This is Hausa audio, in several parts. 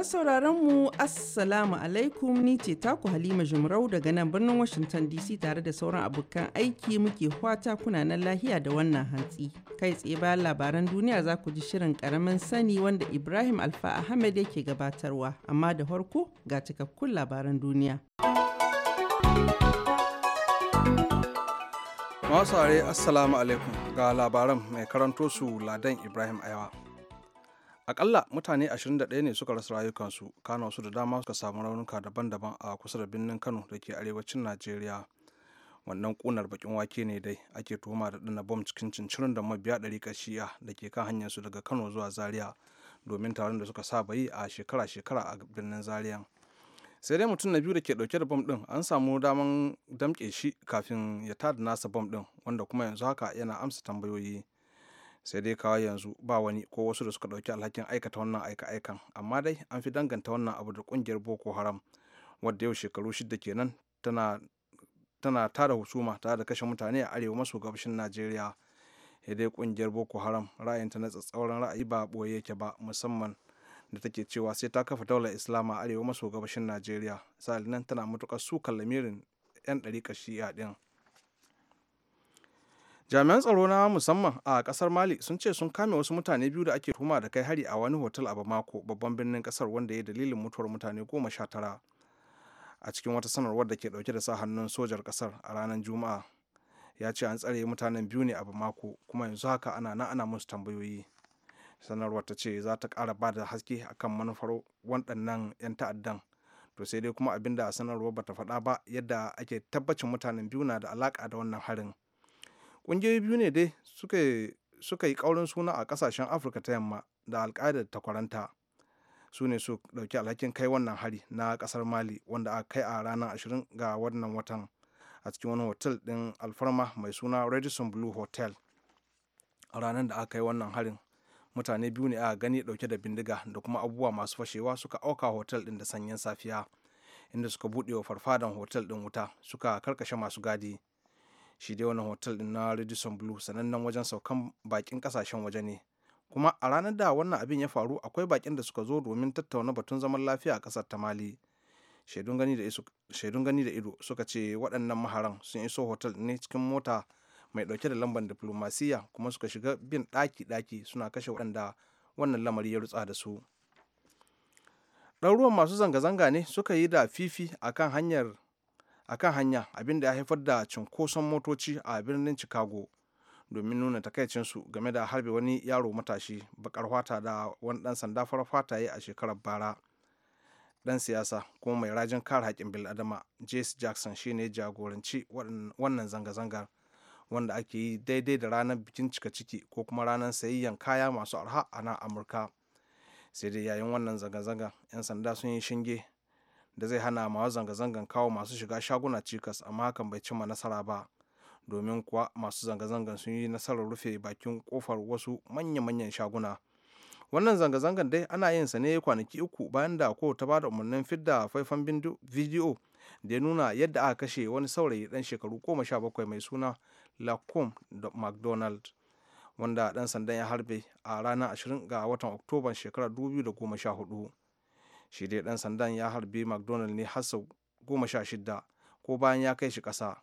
Masu sauraron mu Assalamu alaikum ni ce taku Halima Jumrau daga nan birnin Washington DC tare da sauran abokan aiki muke fata kuna nan lahiya da wannan hantsi. Kai tsaye bayan labaran duniya za ku ji shirin karamin sani wanda Ibrahim Alfa Ahmed yake gabatarwa amma da farko ga cikakkun labaran duniya. Masu Assalamu alaikum ga labaran mai karanto su Ladan Ibrahim Ayawa. akalla mutane 21 ne suka rasa rayukansu kana su da dama suka samu raunuka daban-daban a kusa da birnin kano da ke arewacin najeriya wannan kunar bakin wake ne dai ake tuhuma da dana bom cikin cincirin da mabiya ɗari kashiya da ke kan hanyarsu daga kano zuwa zaria domin taron da suka saba yi a shekara-shekara a birnin zaria sai dai mutum na biyu da ke dauke da bom din an samu daman damke shi kafin ya tada nasa bom din wanda kuma yanzu haka yana amsa tambayoyi sai dai kawai yanzu ba wani ko wasu da suka ɗauki alhakin aikata wannan aika-aikan amma dai an fi danganta wannan abu da kungiyar boko haram wadda yau shekaru shida kenan tana tana tada husuma tare da kashe mutane a arewa maso gabashin najeriya ya dai ƙungiyar boko haram ra'ayinta na tsatsauran ra'ayi ba ɓoye yake ba musamman da take cewa sai ta kafa daular islam a arewa maso gabashin najeriya sa'ilin nan tana matukar sukan lamirin 'yan ɗariƙar shi'a ɗin jami'an tsaro na musamman a kasar mali sun ce sun kame wasu mutane biyu da ake tuhuma da kai hari a wani hotel a bamako babban birnin kasar wanda ya dalilin mutuwar mutane goma sha tara a cikin wata sanarwar da ke dauke da sa hannun sojar kasar a ranar juma'a ya ce an tsare mutanen biyu ne a bamako kuma yanzu haka ana na ana musu tambayoyi sanarwar ta ce za ta kara ba da haske akan manufar waɗannan 'yan ta'addan to sai dai kuma abinda sanarwar ba ta faɗa ba yadda ake tabbacin mutanen biyu na da alaka da wannan harin kungiyoyi biyu ne dai suka yi kaurin suna a kasashen afirka ta yamma da alkaidar ta kwaranta su ne su ɗauki alhakin kai wannan hari na kasar mali wanda aka kai a ranar 20 ga wannan watan a cikin wani hotel din alfarma mai suna redison blue hotel a ranar da aka kai wannan harin mutane biyu ne aka gani ɗauke da bindiga da kuma abubuwa masu fashewa suka auka hotel din da sanyin safiya inda suka buɗe wa farfadan hotel din wuta suka karkashe masu gadi shi dai wannan hotel din na radisson blue sanannen wajen saukan bakin kasashen waje ne kuma a ranar da wannan abin ya faru akwai bakin da suka zo domin tattauna batun zaman lafiya a kasar ta mali shaidun gani da ido suka ce waɗannan maharan sun iso hotel ne cikin mota mai ɗauke da lambar diplomasiya kuma suka shiga bin ɗaki-ɗaki suna kashe waɗanda wannan lamari ya rutsa da su ɗaruruwan masu zanga-zanga ne suka yi da fifi a kan hanyar a kan hanya abin da ya haifar da cinkoson motoci a birnin chicago domin nuna takaicinsu game da harbe wani yaro matashi bakar fata da wani dan sanda farar fata a shekarar bara dan siyasa kuma mai rajin kare haƙƙin bil'adama jace jackson shine jagoranci wannan zanga-zangar wanda ake yi daidai da ranar bikin cika ciki ko kuma ranar sayayyan kaya masu arha a nan amurka sai dai yayin wannan zanga-zanga 'yan sanda sun yi shinge da zai hana masu zanga-zangan kawo masu shiga shaguna cikas amma hakan bai cimma nasara ba domin kuwa masu zanga-zangan sun yi nasarar rufe bakin kofar wasu manya-manyan shaguna wannan zanga-zangan dai ana yin sa ne kwanaki uku bayan da ko ta bada umarnin fidda faifan bidiyo da ya nuna yadda aka kashe wani saurayi dan shekaru goma sha bakwai mai suna lacom mcdonald wanda dan sandan ya harbe a ranar 20 ga watan oktoba shekarar 2014 shi dai dan sandan ya harbi mcdonald ne har sau goma sha shida ko bayan ya kai shi ƙasa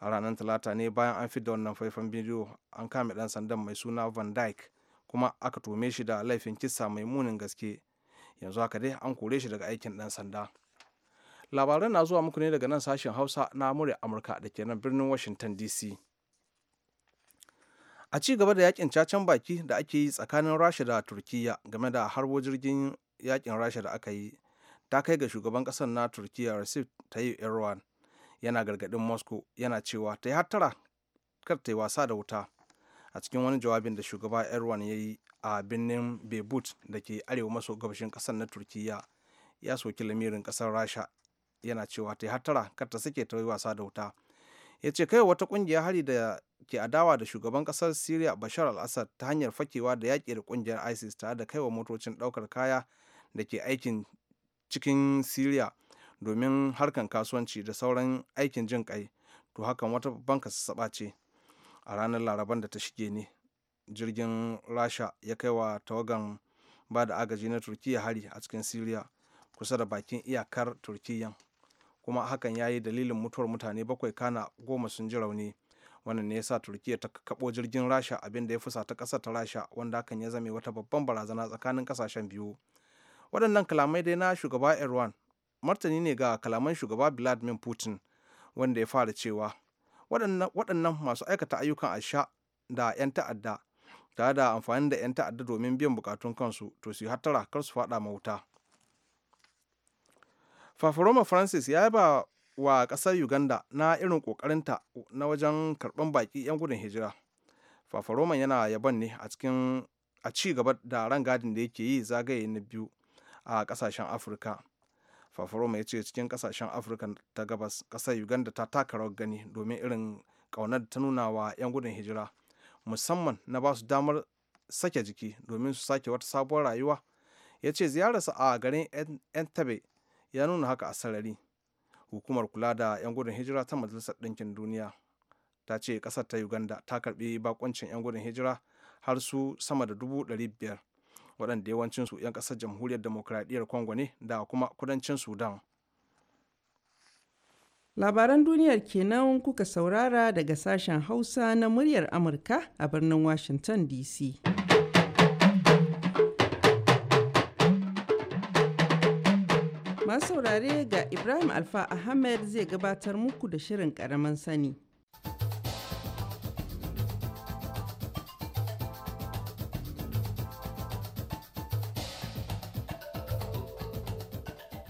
a ranar talata ne bayan an fi da wannan faifan bidiyo an kame dan sandan mai suna van dyke kuma aka tume shi da laifin kisa mai munin gaske yanzu haka dai an kore shi daga aikin dan sanda labaran na zuwa muku ne daga nan sashen hausa na murya amurka da ke nan birnin washington dc a ci gaba da yakin cacen baki da ake yi tsakanin rasha da turkiya game da harbo jirgin yakin rasha da aka yi ta kai ga shugaban kasar na turkiya recep tayyip erdogan yana gargadin moscow yana cewa ta yi hattara kar ta yi wasa da wuta a cikin wani jawabin da shugaba erdogan ya yi a birnin beirut da ke arewa maso gabashin kasar na turkiya ya soki lamirin kasar rasha yana cewa ta yi hattara kar ta sake ta yi wasa da wuta ya ce kai wata kungiya hari da ke adawa da shugaban kasar syria bashar al-assad ta hanyar fakewa da yaƙi da kungiyar isis tare da kaiwa motocin ɗaukar kaya da ke aikin cikin siriya domin harkan kasuwanci da sauran aikin jin kai to hakan wata babban kasassaɓa ce a ranar laraban da ta shige ne jirgin rasha ya kai wa tawagan ba da agaji na turkiya hari a cikin siriya kusa da bakin iyakar turkiyyan kuma hakan ya yi dalilin mutuwar mutane bakwai kana goma sun ji rauni wannan ne yasa turkiya ta kabo jirgin rasha abinda ya fusa ta ƙasa ta rasha wanda hakan ya zame wata babban barazana tsakanin ƙasashen biyu waɗannan kalamai dai na shugaba erdogan martani ne ga kalaman shugaba vladimir putin wanda ya fara cewa waɗannan masu aikata ayyukan asha da 'yan ta'adda tare da amfani da 'yan ta'adda domin biyan bukatun kansu to su hattara kar su faɗa mauta fafaroma francis ya yaba wa ƙasar uganda na irin ƙoƙarinta na wajen karɓan baƙi 'yan gudun hijira fafaroman yana yaban ne a cikin a ci gaba da rangadin da yake yi zagaye na biyu a kasashen afirka faforoma ya ce cikin kasashen afirka ta gabas kasar uganda ta taka rawar gani domin irin kaunar ta nuna wa 'yan gudun hijira musamman na ba su damar sake jiki domin su sake wata sabuwar rayuwa ya ce ziyararsa a garin entebbe ya nuna haka a sarari hukumar kula da 'yan gudun hijira ta majalisar ɗinkin duniya ta ce ƙasar ta uganda ta karɓi bakoncin 'yan gudun hijira har su sama da dubu ɗari biyar waɗanda yawancinsu 'yan ƙasar jamhuriyar demokuraɗiyyar congo ne da kuma kudancin sudan labaran duniyar kenan kuka saurara daga sashen hausa na muryar amurka a birnin washington dc masu saurare ga ibrahim alfa ahmed zai gabatar muku da shirin karaman sani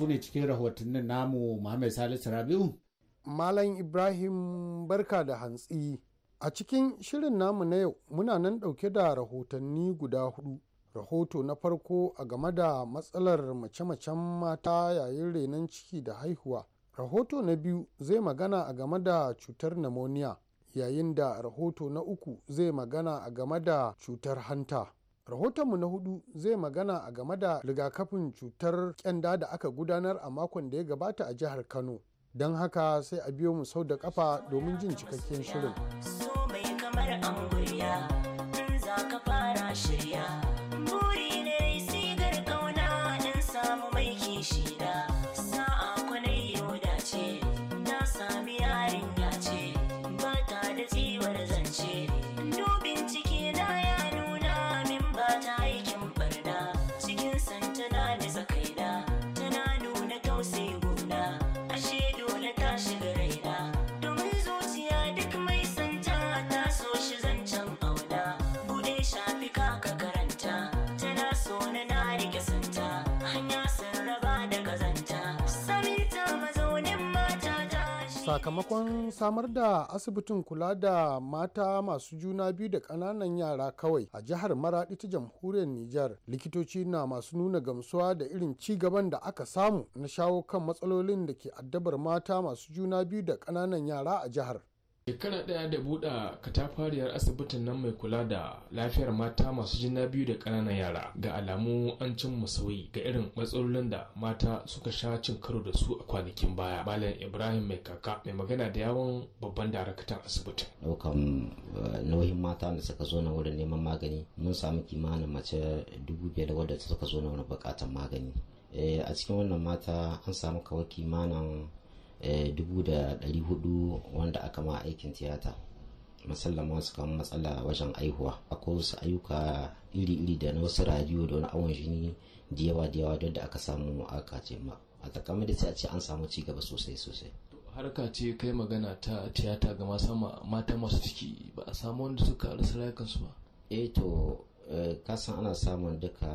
su ne cikin rahotannin namu Muhammad Salisu Rabiu. Malam Ibrahim barka da hantsi. A cikin shirin namu na yau muna nan ɗauke da rahotanni guda hudu. Rahoto na farko a game da matsalar mace-macen mata yayin renon ciki da haihuwa. Rahoto na biyu zai magana a game da cutar pneumonia yayin da rahoto na uku zai magana a game da cutar hanta. rahotonmu na hudu zai magana a game da rigakafin cutar kyanda da aka gudanar a makon da ya gabata a jihar kano don haka sai a biyo mu sau da kafa domin jin cikakken shirin so shirya sakamakon samar da asibitin kula da mata masu juna biyu da kananan yara kawai a jihar maradi ta jamhuriyar nijar likitoci na masu nuna gamsuwa da irin ci gaban da aka samu na shawo kan matsalolin da ke addabar mata masu juna biyu da kananan yara a jihar shekara ɗaya da buɗa katafariyar asibitin nan mai kula da lafiyar mata masu jina biyu da ƙananan yara ga alamu an cin sauyi ga irin matsalolin da mata suka sha cin karo da su a kwanakin baya malam ibrahim mai kaka mai magana da yawon babban daraktan asibitin ɗaukan eh, nauyin mata da suka zo na wurin neman magani mun samu kimanin mace dubu biyar wadda suka zo na wani buƙatar magani eh, a cikin wannan mata an samu kawai kimanin Eh, dubu da hudu wanda aka ma aikin tiyata musallama masu kama matsala wajen aihuwa akwai wasu ayyuka iri-iri da na wasu radiyo da wani awon jini da yawa da yawa da aka samu aka ce ma a takamai da sai a ce an samu ci gaba sosai sosai harka ce kai magana ta tiyata ga mata masu ciki ba a samu wanda suka rasa rayukansu ba eh to eh, kasan ana samun duka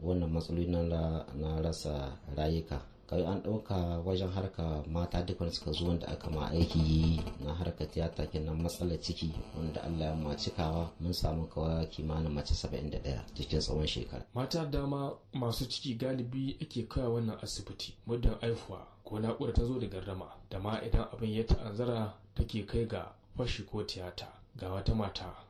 wannan matsaloli na rasa rayuka kai an ɗauka wajen harka mata dukkan suka zo wanda aka ma aiki na harka tiyata kenan matsalar ciki wanda Allah ya ma cikawa mun samu kawa kimanin mace 71 cikin tsawon shekara mata dama masu ciki galibi ake kawo wannan asibiti muddin aifuwa ko na'ura ta zo da garrama da ma idan abin ya ta'azzara take kai ga fashi ko tiyata ga wata mata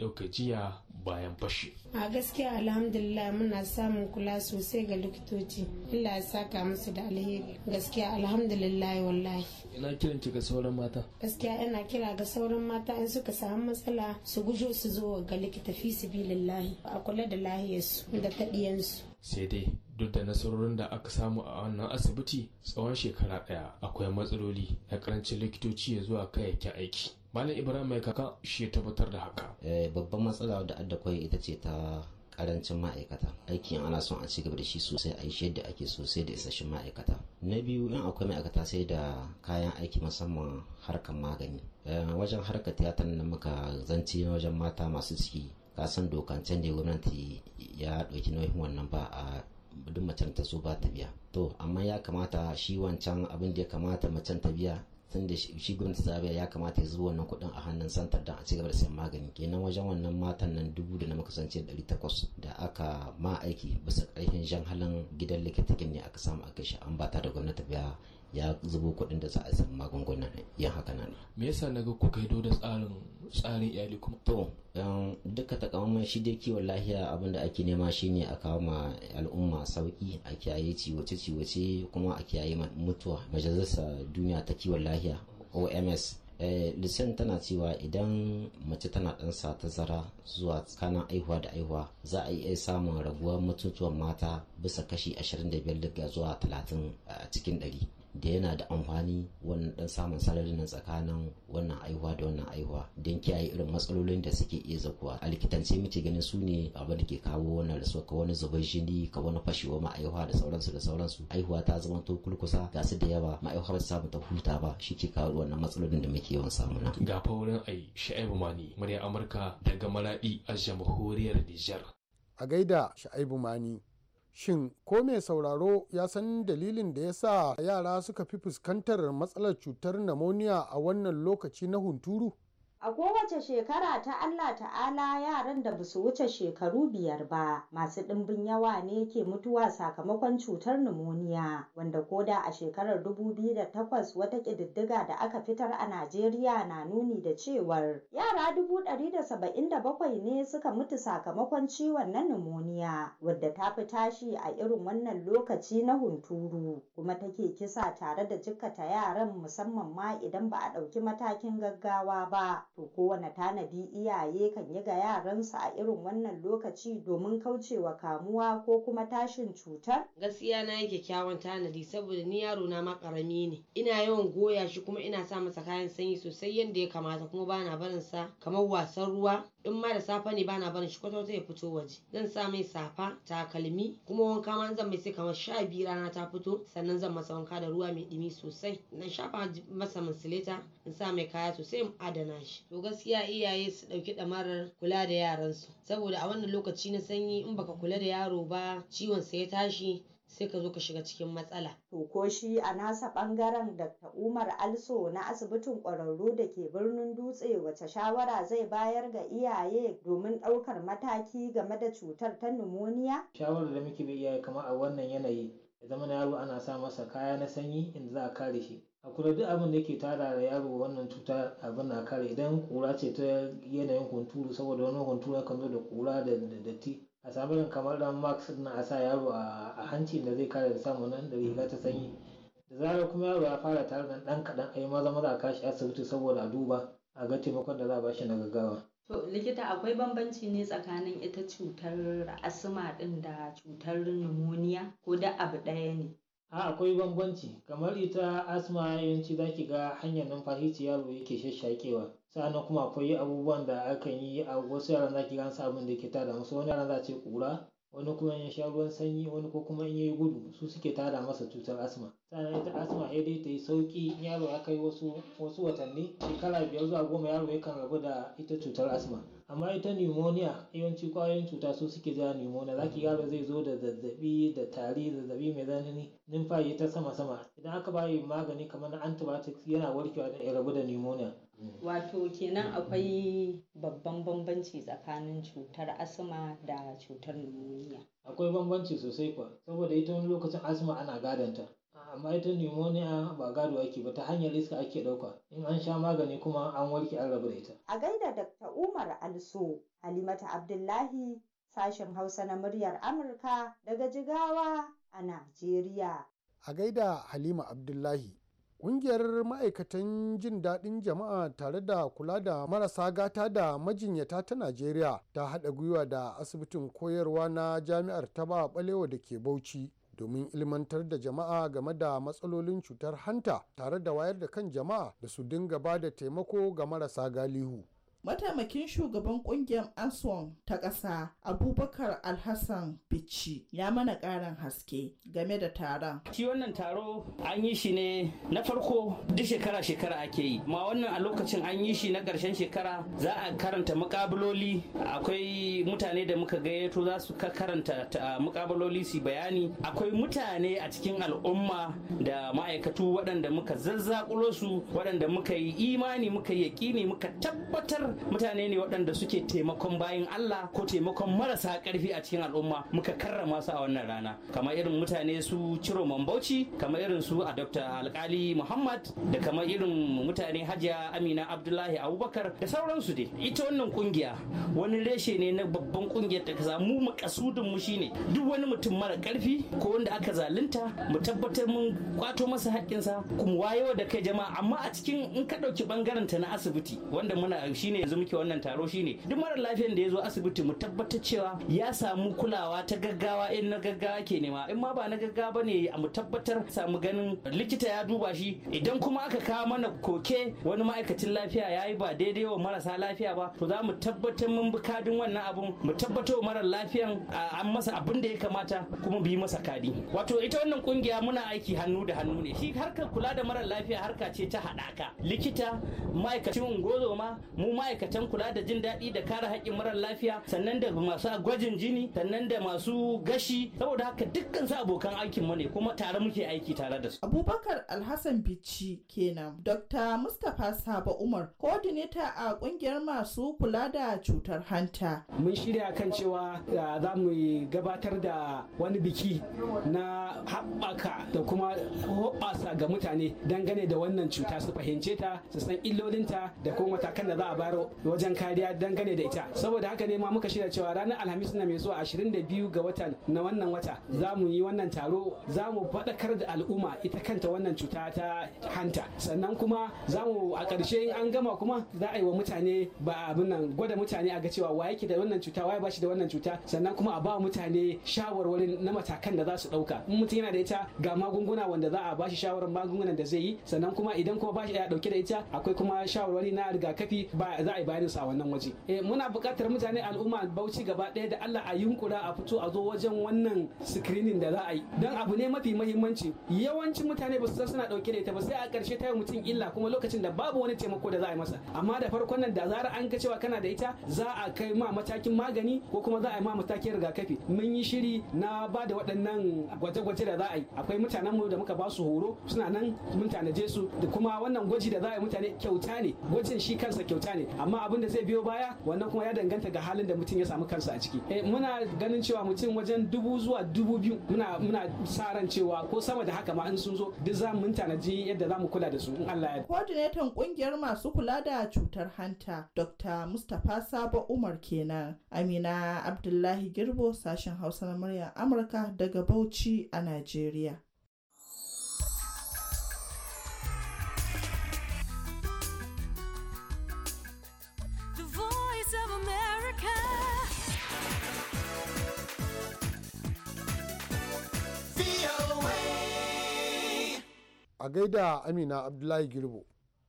da ke jiya bayan fashe. A gaskiya alhamdulillah muna samun kula sosai ga likitoci. Allah ya saka musu da alheri. Gaskiya alhamdulillah wallahi. Ina kiran ki ga sauran mata. Gaskiya ina kira ga sauran mata in suka samu matsala su gujo su zo ga likita fi lillahi A kula da lahiyarsu da taɗiyansu. Sai dai duk da nasarorin da aka samu a wannan asibiti tsawon shekara ɗaya akwai matsaloli na karancin likitoci ya zuwa kayayyakin aiki. malam ibrahim mai kaka shi ya tabbatar da haka eh, babban matsala da adda ita ce ta karancin ma'aikata aikin ana son a ci gaba da shi sosai a yi da ake sosai da isasshen ma'aikata na biyu in akwai ma'aikata sai da kayan aiki musamman harkar magani eh, wajen harkar tiyatar nan muka zance wajen mata masu ciki kasan dokancen da gwamnati ya ɗauki nauyin wannan ba a duk macen ta so ba ta biya to amma ya kamata shi wancan abin da ya kamata macen ta biya tun da shi gwamnati ta biya ya kamata ya zuba wannan kuɗin a hannun santar don a ci gaba da sayan magani kenan wajen wannan matan nan dubu da na makasance da ce ɗari takwas da aka ma aiki bisa karfin jan halin gidan likitakin ne aka samu aka shi an bata da gwamnati biya ya zubo kuɗin da za a san magungunan yin haka nan me yasa naga ku kai da tsarin tsarin iyali kuma to um, duka takamaiman shi dai kiwon lahiya abin da ake nema shine a kawo ma al'umma sauki a kiyaye ciwace ciwace kuma a kiyaye mutuwa majalisar duniya ta kiwon lahiya oms Eh, lisan tana cewa idan mace tana dan sa tazara zuwa tsakanin aihuwa da aihuwa za a iya samun raguwar mutuwar mata bisa kashi 25 zuwa 30 a eh, cikin 100 da yana da amfani wannan dan samun sararin na tsakanin wannan aihuwa da wannan aihuwa don kiyaye irin matsalolin da suke iya zakuwa a likitance muke ganin su ne abin da ke kawo wannan rasuwa ka wani zubar jini ka wani fashewa ma'aihuwa da sauransu da sauransu aihuwa ta zama to kulkusa ga su da yawa ma'aihuwar samu ta huta ba shi ke kawo wannan matsalolin da muke yawan samu na. ga fa wurin ai sha'ibu mani murya amurka daga maradi a jamhuriyar nijar. a gaida sha'ibu mani shin ko mai sauraro ya san dalilin da ya sa yara suka fi fuskantar matsalar cutar namoniya a wannan lokaci na hunturu A kowace shekara ta Allah ta'ala yaran da basu wuce shekaru biyar ba masu ɗimbin yawa ne ke mutuwa sakamakon cutar numoniya wanda koda a shekarar dubu biyu da 2008 wata ƙididdiga da aka fitar a Najeriya na nuni da cewar yara dubu ɗari da da saba'in bakwai ne suka mutu sakamakon ciwon na numoniya wadda ta fi tashi a irin wannan lokaci na hunturu kuma take kisa tare da jikkata yaran musamman ma idan ba a ɗauki matakin gaggawa ba. to kowane tanadi iyaye kan yi ga yaransu a irin wannan lokaci domin kaucewa kamuwa ko kuma tashin cutar? Gaskiya na yi kyakkyawan tanadi saboda ni yaro na ma karami ne. Ina yawan goya shi kuma ina sa masa kayan sanyi sosai yadda ya kamata kuma bana barinsa. kamar wasan ruwa in ma da safe ne bana barin shi kwata-kwata ya fito waje zan sa mai safa takalmi kuma wanka ma zan mai sai kamar sha biyu rana ta fito sannan zan masa wanka da ruwa mai ɗumi sosai na shafa masa musuleta in sa mai kaya sosai in adana shi to gaskiya iyaye su ɗauki ɗamarar kula da yaransu saboda a wannan lokaci na sanyi in baka kula da yaro ba ciwon sa ya tashi sai ka zo ka shiga cikin matsala. To ko shi a nasa ɓangaren Dr. Umar Also na asibitin ƙwararru da ke birnin Dutse wace shawara zai bayar ga iyaye domin ɗaukar mataki game da cutar ta numoniya? Shawarar da muke bi iyaye kamar a wannan yanayi ya zama yaro ana sa masa kaya na sanyi inda za a kare shi. a kula duk abin da yake tara da yaro wannan cuta abin na kare idan kura ce ta yanayin hunturu saboda wani hunturu kan zo da kura da datti a samu kamar ɗan max na a sa yaro a hancin da zai kare da samu nan da riga ta sanyi da zarar kuma yaro ya fara tare nan, ɗan kaɗan a yi maza maza a kashi asibiti saboda a duba a ga taimakon da za a bashi na gaggawa. To likita akwai bambanci ne tsakanin ita cutar asma ɗin da cutar pneumonia ko da abu ɗaya ne? A akwai bambanci kamar ita asma yawanci za ki ga hanyar numfashi ce yaro yake shashakewa Sa'annan kuma akwai abubuwan da akan yi a wasu yaran za ki ga an sa da yake tada musu. Wani yaran za a ce ƙura, wani kuma in ya sha ruwan sanyi, wani ko kuma in yayi yi gudu su suke tada masa cutar asma. Sa'annan ita asma ya dai ta yi sauƙi in yaro ya kai wasu, wasu watanni shekara biyar zuwa goma yaro yakan rabu da ita cutar asma. Amma ita nimoniya yawanci ƙwayoyin cuta su suke zuwa nimoniya. Za ki ga yaro zai zo da zazzaɓi, da tari, zazzaɓi mai tsanani, numfashi ta sama sama. Idan aka ba magani kamar na antibiotics yana warkewa wa ya rabu da nimoniya. Wato kenan akwai babban bambanci tsakanin cutar asma da cutar pneumonia. Akwai bambanci sosai kuwa, saboda ita wani lokacin asma ana gadonta. Amma ita pneumonia ba gado ake ba, ta hanyar iska ake ɗauka. In an sha magani kuma an warke an rabu da ita. A gaida Dr. Umar Also, Halimatu Abdullahi, sashen Hausa na muryar Amurka daga Jigawa a Najeriya. A gaida Halima Abdullahi. Ƙungiyar ma'aikatan jin daɗin jama'a tare da kula da marasa gata da majinyata ta Najeriya ta haɗa gwiwa da asibitin koyarwa na jami'ar ta ba ɓalewa da ke Bauchi domin ilmantar da jama'a game da matsalolin cutar hanta tare da wayar da kan jama'a da su dinga ba da taimako ga marasa galihu. mataimakin shugaban kungiyar aswan ta ƙasa abubakar alhassan bici ya mana ƙarin haske game da taron shi wannan taro an yi shi ne na farko duk shekara shekara ake yi ma wannan a lokacin an yi shi na ƙarshen shekara za a karanta mukabaloli akwai mutane da muka gayyato za su karanta mukabaloli su bayani akwai mutane a cikin al'umma da ma'aikatu waɗanda muka zazzakulo su waɗanda muka yi imani muka yi yaƙini muka tabbatar mutane ne waɗanda suke taimakon bayan Allah ko taimakon marasa ƙarfi a cikin al'umma muka karrama su a wannan rana kamar irin mutane su ciro mambauci kamar irin su a Dr. Alkali Muhammad da kamar irin mutane Hajiya Amina Abdullahi Abubakar da sauransu dai ita wannan kungiya wani reshe ne na babban kungiyar da kaza mu makasudin mu shine duk wani mutum mara ƙarfi ko wanda aka zalunta mu tabbatar mun kwato masa haƙƙinsa kuma wayewa da kai jama'a amma a cikin in ka ɗauki ɓangaren ta na asibiti wanda muna shine shine yanzu muke wannan taro shine duk mara lafiyan da ya zo asibiti mu tabbatar cewa ya samu kulawa ta gaggawa in na gaggawa ke nema in ma ba na gaggawa bane mu tabbatar samu ganin likita ya duba shi idan kuma aka kawo mana koke wani ma'aikacin lafiya ya yi ba daidai wa marasa lafiya ba to za mu tabbatar mun bi kadin wannan abun mu tabbatar mara lafiyan an masa abin da ya kamata kuma bi masa kadi wato ita wannan kungiya muna aiki hannu da hannu ne shi harkar kula da mara lafiya harka ce ta haɗaka likita ma'aikacin ma mu ma ma'aikatan kula da jin daɗi da kare haƙƙin marar lafiya sannan da masu gwajin jini sannan da masu gashi saboda haka dukkan su abokan aikin mu ne kuma tare muke aiki tare da su. Abubakar Alhassan bici kenan Dr. Mustapha saba Umar coordinator a kungiyar masu kula da cutar hanta. Mun shirya kan cewa eh, za mu gabatar da wani biki na haɓaka da kuma hoɓasa ga mutane dangane da wannan cuta su fahimce ta su san illolinta da kuma matakan da za a bayar wajen kariya dangane da ita saboda haka ne ma muka shirya cewa ranar alhamis na mai zuwa biyu ga watan na wannan wata za mu yi wannan taro za mu faɗakar da al'umma ita kanta wannan cuta ta hanta sannan kuma za mu a ƙarshe in an gama kuma za a yi wa mutane ba abin nan gwada mutane a ga cewa wa yake da wannan cuta waye ba shi da wannan cuta sannan kuma a ba mutane shawarwari na matakan da za su ɗauka in mutum yana da ita ga magunguna wanda za a ba shi shawarar magungunan da zai yi sannan kuma idan kuma ba shi ya ɗauke da ita akwai kuma shawarwari na rigakafi ba za a yi bayanin su a wannan waje eh muna buƙatar mutane al'umma Bauchi gaba ɗaya da Allah a yunkura a fito a zo wajen wannan screening da za a yi dan abu ne mafi muhimmanci yawancin mutane ba su san suna dauke da ita ba sai a ƙarshe ta yi mutum illa kuma lokacin da babu wani taimako da za a yi masa amma da farkon nan da zara an ga cewa kana da ita za a kai ma matakin magani ko kuma za a yi ma matakin rigakafi mun yi shiri na ba da waɗannan gwaje-gwaje da za a yi akwai mutanen mu da muka ba su horo suna nan mun tanaje su da kuma wannan gwaji da za a yi mutane kyauta ne gwajin shi kansa kyauta ne amma abin da zai biyo baya wannan kuma ya danganta ga halin da mutum ya samu kansa a ciki eh, muna ganin cewa mutum wajen dubu zuwa dubu biyu muna muna sa ran cewa ko sama da haka ma in sun zo duk za mu tanaji yadda za mu kula da su in Allah ya coordinator kungiyar masu kula da cutar hanta Dr. Mustapha Sabo Umar kenan Amina Abdullahi Girbo sashen Hausa na murya Amurka daga Bauchi a Najeriya a gaida amina abdullahi girbo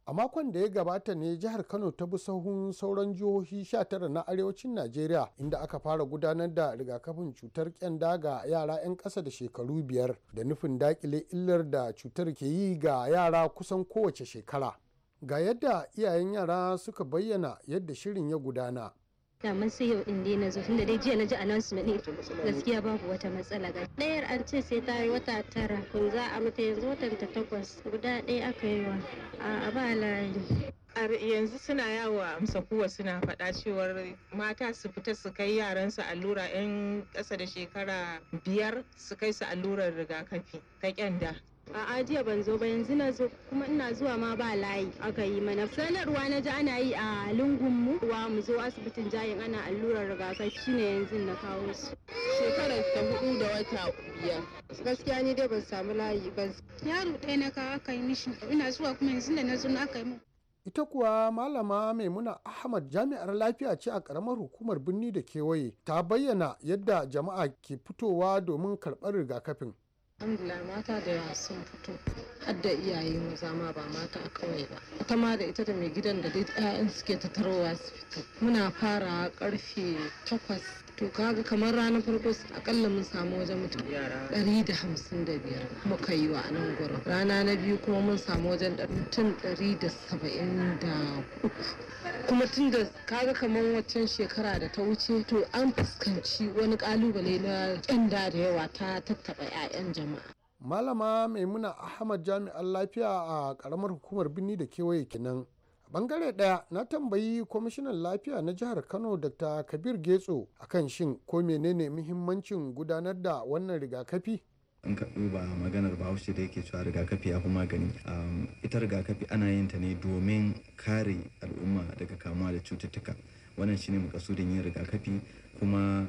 a makon da ya gabata ne jihar kano ta bi sahun sauran jihohi 19 na arewacin najeriya inda aka fara gudanar da rigakafin cutar kyanda ga yara 'yan ƙasa da shekaru biyar da nufin dakile illar da cutar ke yi ga yara kusan kowace shekara ga yadda iyayen yara suka bayyana yadda shirin ya gudana mun sai yau din dai na zo tunda dai jiya na ji announcement ne gaskiya babu wata matsala ga ɗayar an ce sai ta yi wata tara kun za a mata yanzu watan ta takwas guda ɗaya aka yi wa a ba layi yanzu suna yawo a amsa kuwa suna faɗa cewar mata su fita su kai yaran su allura 'yan ƙasa da shekara biyar su kai su allurar rigakafi ta kyanda A'a jiya ban zo ba yanzu na zo kuma ina zuwa ma ba layi aka yi mana. Sanarwa na ji ana yi a lungunmu wa mu zo asibitin jayin ana allurar rigakafi shine yanzu na kawo su. Shekarar ta hudu da wata biyar. Gaskiya ni dai ban samu layi ba. Yaro ɗaya na kawo aka yi mishi ina zuwa kuma yanzu da na zo na aka yi min. ita kuwa malama maimuna ahmad jami'ar lafiya ce a karamar hukumar birni da kewaye ta bayyana yadda jama'a ke fitowa domin karɓar rigakafin alhamdulillah mata da yawa sun fito har da iyaye maza ma ba mata a kawai ba ita ma da ita da mai gidan da dai 'ya'yan suke tattarowa su fito muna farawa karfe takwas to kaga kamar ranar farko akalla mun samu wajen mutum ɗari da hamsin da biyar muka yi wa nan gurin rana na biyu kuma mun samu wajen mutum ɗari da saba'in da uku kuma tun da kaga kamar waccan shekara da ta wuce to an fuskanci wani kalubale na ƙyanda da yawa ta tattaɓa 'ya'yan jama'a malama maimuna ahmad jami'an lafiya a ƙaramar hukumar birni da kewaye kenan bangare daya na tambayi kwamishinan lafiya na jihar kano dr kabir getso akan shin ko menene muhimmancin gudanar da wannan rigakafi in ka duba maganar bahaushe da yake cewa rigakafi ya fi magani um, ita rigakafi ana yin ta ne domin kare al'umma daga kamuwa da cututtuka wannan shine makasudin yin rigakafi kuma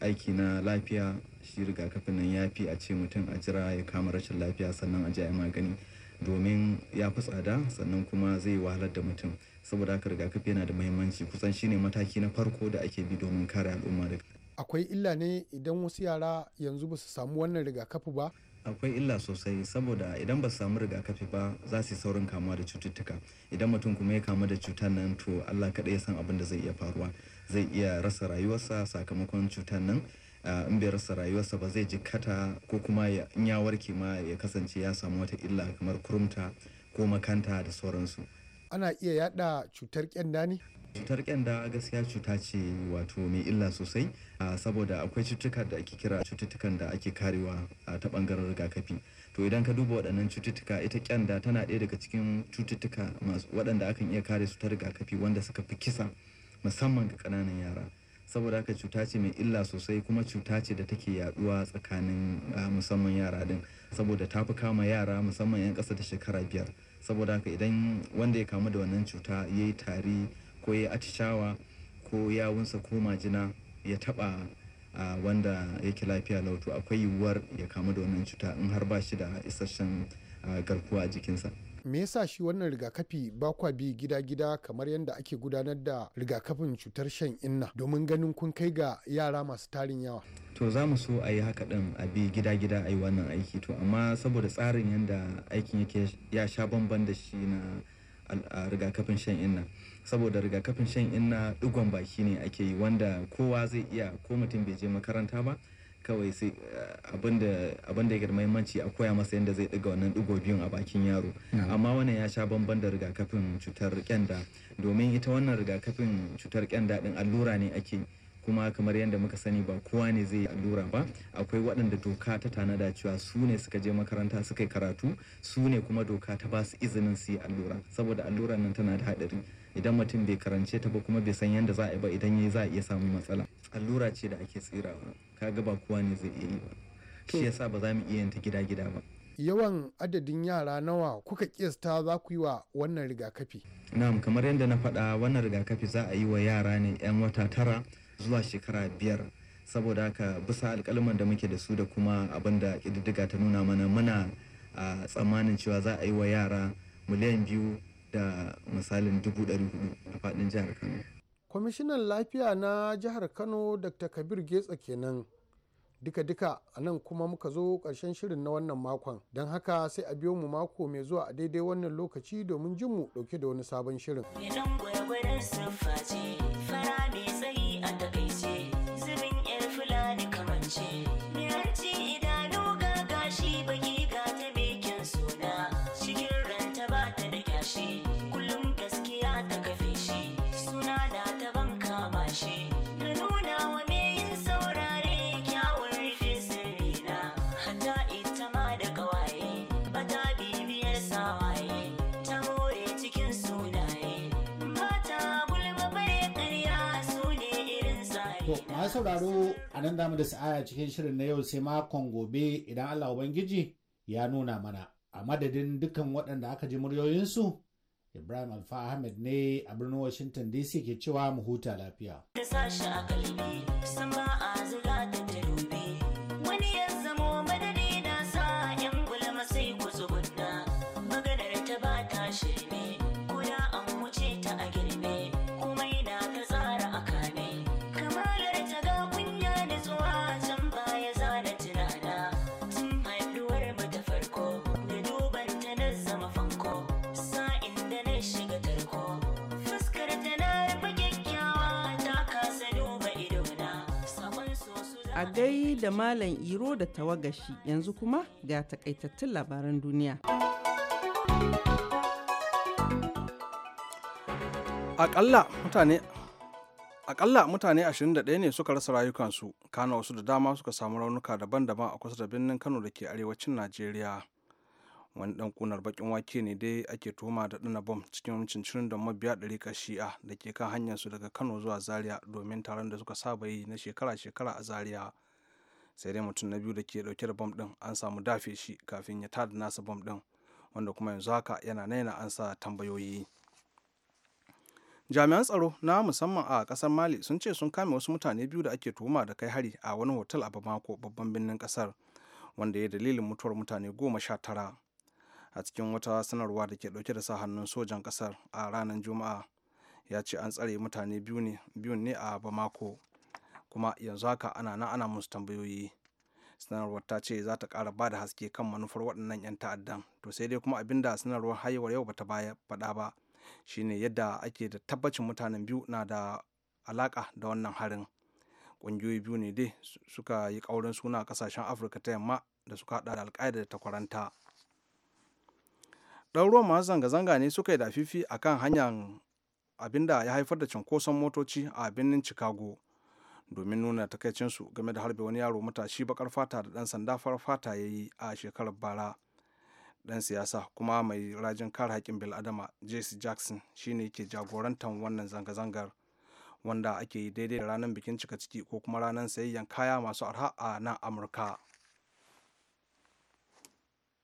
aiki na lafiya shi rigakafin nan ya fi a ce mutum a jira ya kama rashin lafiya sannan a ji magani domin ya fi tsada sannan kuma zai wahalar da mutum saboda haka rigakafi yana da mahimmanci kusan shine mataki na farko da ake bi domin kare al'umma daga akwai illa ne idan wasu yara yanzu ba su samu wannan rigakafi ba akwai illa sosai saboda idan ba su samu rigakafi ba za su yi saurin kamuwa da cututtuka idan mutum kuma ya kamu da cutar nan to allah kaɗai ya san abin da zai iya faruwa zai iya rasa rayuwarsa sakamakon cutar nan Eh, in bai rasa rayuwarsa ba zai jikata ko kuma in ya warke ma ya kasance ya samu wata illa kamar kurumta ko makanta da sauransu ana iya yada cutar kyanda ne cutar kyanda gaskiya cuta ce wato mai illa sosai eh, saboda akwai cututtuka da ake kira cututtukan da ake karewa eh, ta bangaren rigakafi to idan ka duba waɗannan cututtuka ita kyanda tana ɗaya daga cikin cututtuka masu waɗanda akan iya kare su ta rigakafi wanda suka fi kisa musamman ga ƙananan yara saboda haka cuta ce mai illa sosai kuma cuta ce da take yaduwa tsakanin musamman yara din saboda ta fi kama yara musamman 'yan ƙasa da shekara biyar saboda haka idan wanda ya kamu da wannan cuta ya yi tari ko ya atishawa ko yawunsa ko majina ya taba wanda yake lafiya lautu akwai yiwuwar ya kamu da wannan cuta in har ba shi da isasshen garkuwa a jikinsa. me yasa shi wannan rigakafi ba kwa bi gida-gida kamar yadda ake gudanar da rigakafin cutar shan inna domin ganin kun kai ga yara masu tarin yawa to za mu so a yi haka din a bi gida-gida a yi wannan aiki to amma saboda tsarin yadda aikin yake ya sha bamban da shi na rigakafin shan inna saboda rigakafin shan inna digon baki ne ake yi wanda kowa zai iya ko mutum bai je makaranta ba kawai sai eh, abin da ya da mahimmanci a koya masa yadda zai ɗiga wannan ɗigo biyun a bakin yaro amma wannan ya sha bamban da rigakafin cutar kyanda domin ita wannan rigakafin cutar kyanda din allura ne ake kuma kamar yadda muka sani ba kowa ne zai allura ba akwai waɗanda doka ta tanada cewa su ne suka je makaranta suka yi karatu su ne kuma doka ta ba su izinin su yi allura saboda allura nan tana da haɗari idan mutum bai karance ta ba kuma bai san yadda za a yi ba idan ya yi za a iya samun matsala allura ce da ake tsirawa kaga ba kowa ne zai iya yi ba shi yasa ba za mu iya ta gida gida ba yawan adadin yara nawa kuka kiyasta za ku yi wa wannan rigakafi na'am kamar yadda na faɗa wannan rigakafi za a yi wa yara ne 'yan wata tara zuwa shekara biyar saboda haka bisa alkalaman da muke da su da kuma abin da ƙididdiga ta nuna mana muna a tsammanin cewa za a yi wa yara miliyan biyu da misalin dubu ɗari hudu a faɗin jihar kano kwamishinan lafiya na jihar kano dr kabir getsa kenan duka-duka a nan kuma muka zo ƙarshen shirin na wannan makon don haka sai a biyo mu mako mai zuwa a daidai wannan lokaci domin jin mu ɗauke da wani sabon shirin. Idan gwagwarar fara mai tsayi a takaice. sauraro a nan damu da sa'a cikin shirin na yau sai makon gobe idan Allah Ubangiji ya nuna mana. A madadin dukkan waɗanda aka ji muryoyinsu, Ibrahim Alfa Ahmed ne a birnin Washington DC ke cewa mu huta lafiya. Da sashi a kalbi, sama a zira da wani yanzu. a gai da Malam Iro da tawagashi yanzu kuma ga takaitattun labaran duniya. Akalla mutane Akalla mutane 21 ne suka rasa rayukansu, kana wasu da dama suka samu raunuka daban-daban a kusa da birnin Kano da ke arewacin Najeriya. wani dan kunar bakin wake ne dai ake tuhuma da dana bom cikin cincirin da mabiya ɗari shi'a da ke kan hanyar su daga kano zuwa zaria domin taron da suka saba yi na shekara-shekara a zaria sai dai mutum na biyu da ke dauke da bom din an samu dafe shi kafin ya tada nasa bom din wanda kuma yanzu haka yana naina an sa tambayoyi jami'an tsaro na musamman a kasar mali sun ce sun kame wasu mutane biyu da ake tuhuma da kai hari a wani hotel a bamako babban birnin kasar wanda ya dalilin mutuwar mutane goma sha tara a cikin wata sanarwa da ke dauke da sa hannun sojan kasar a ranar juma'a ya ce an tsare mutane biyu ne a bamako kuma yanzu haka ana nan ana musu tambayoyi sanarwar ta ce za ta kara ba da haske kan manufar waɗannan 'yan ta'addan to sai dai kuma abinda sanarwar haihwar yau bata baya faɗa ba shine yadda ake da tabbacin mutanen biyu na da alaka da wannan harin ƙungiyoyi biyu ne dai suka yi ƙaurin suna ƙasashen afirka ta yamma da suka haɗa da alƙa'ida da takwaranta ɗaruruwan masu zanga-zanga ne suka yi da fifi a kan hanyar abin da ya haifar da cunkoson motoci a birnin chicago domin nuna takaicinsu game da harbe wani yaro matashi bakar fata da ɗan sanda farar fata ya yi a shekarar bara ɗan siyasa kuma mai rajin kare haƙƙin bil'adama jesse jackson shine ke jagorantar wannan zanga-zangar wanda ake yi daidai da ranar bikin cika ciki ko kuma ranar sayayyan kaya masu arha a nan amurka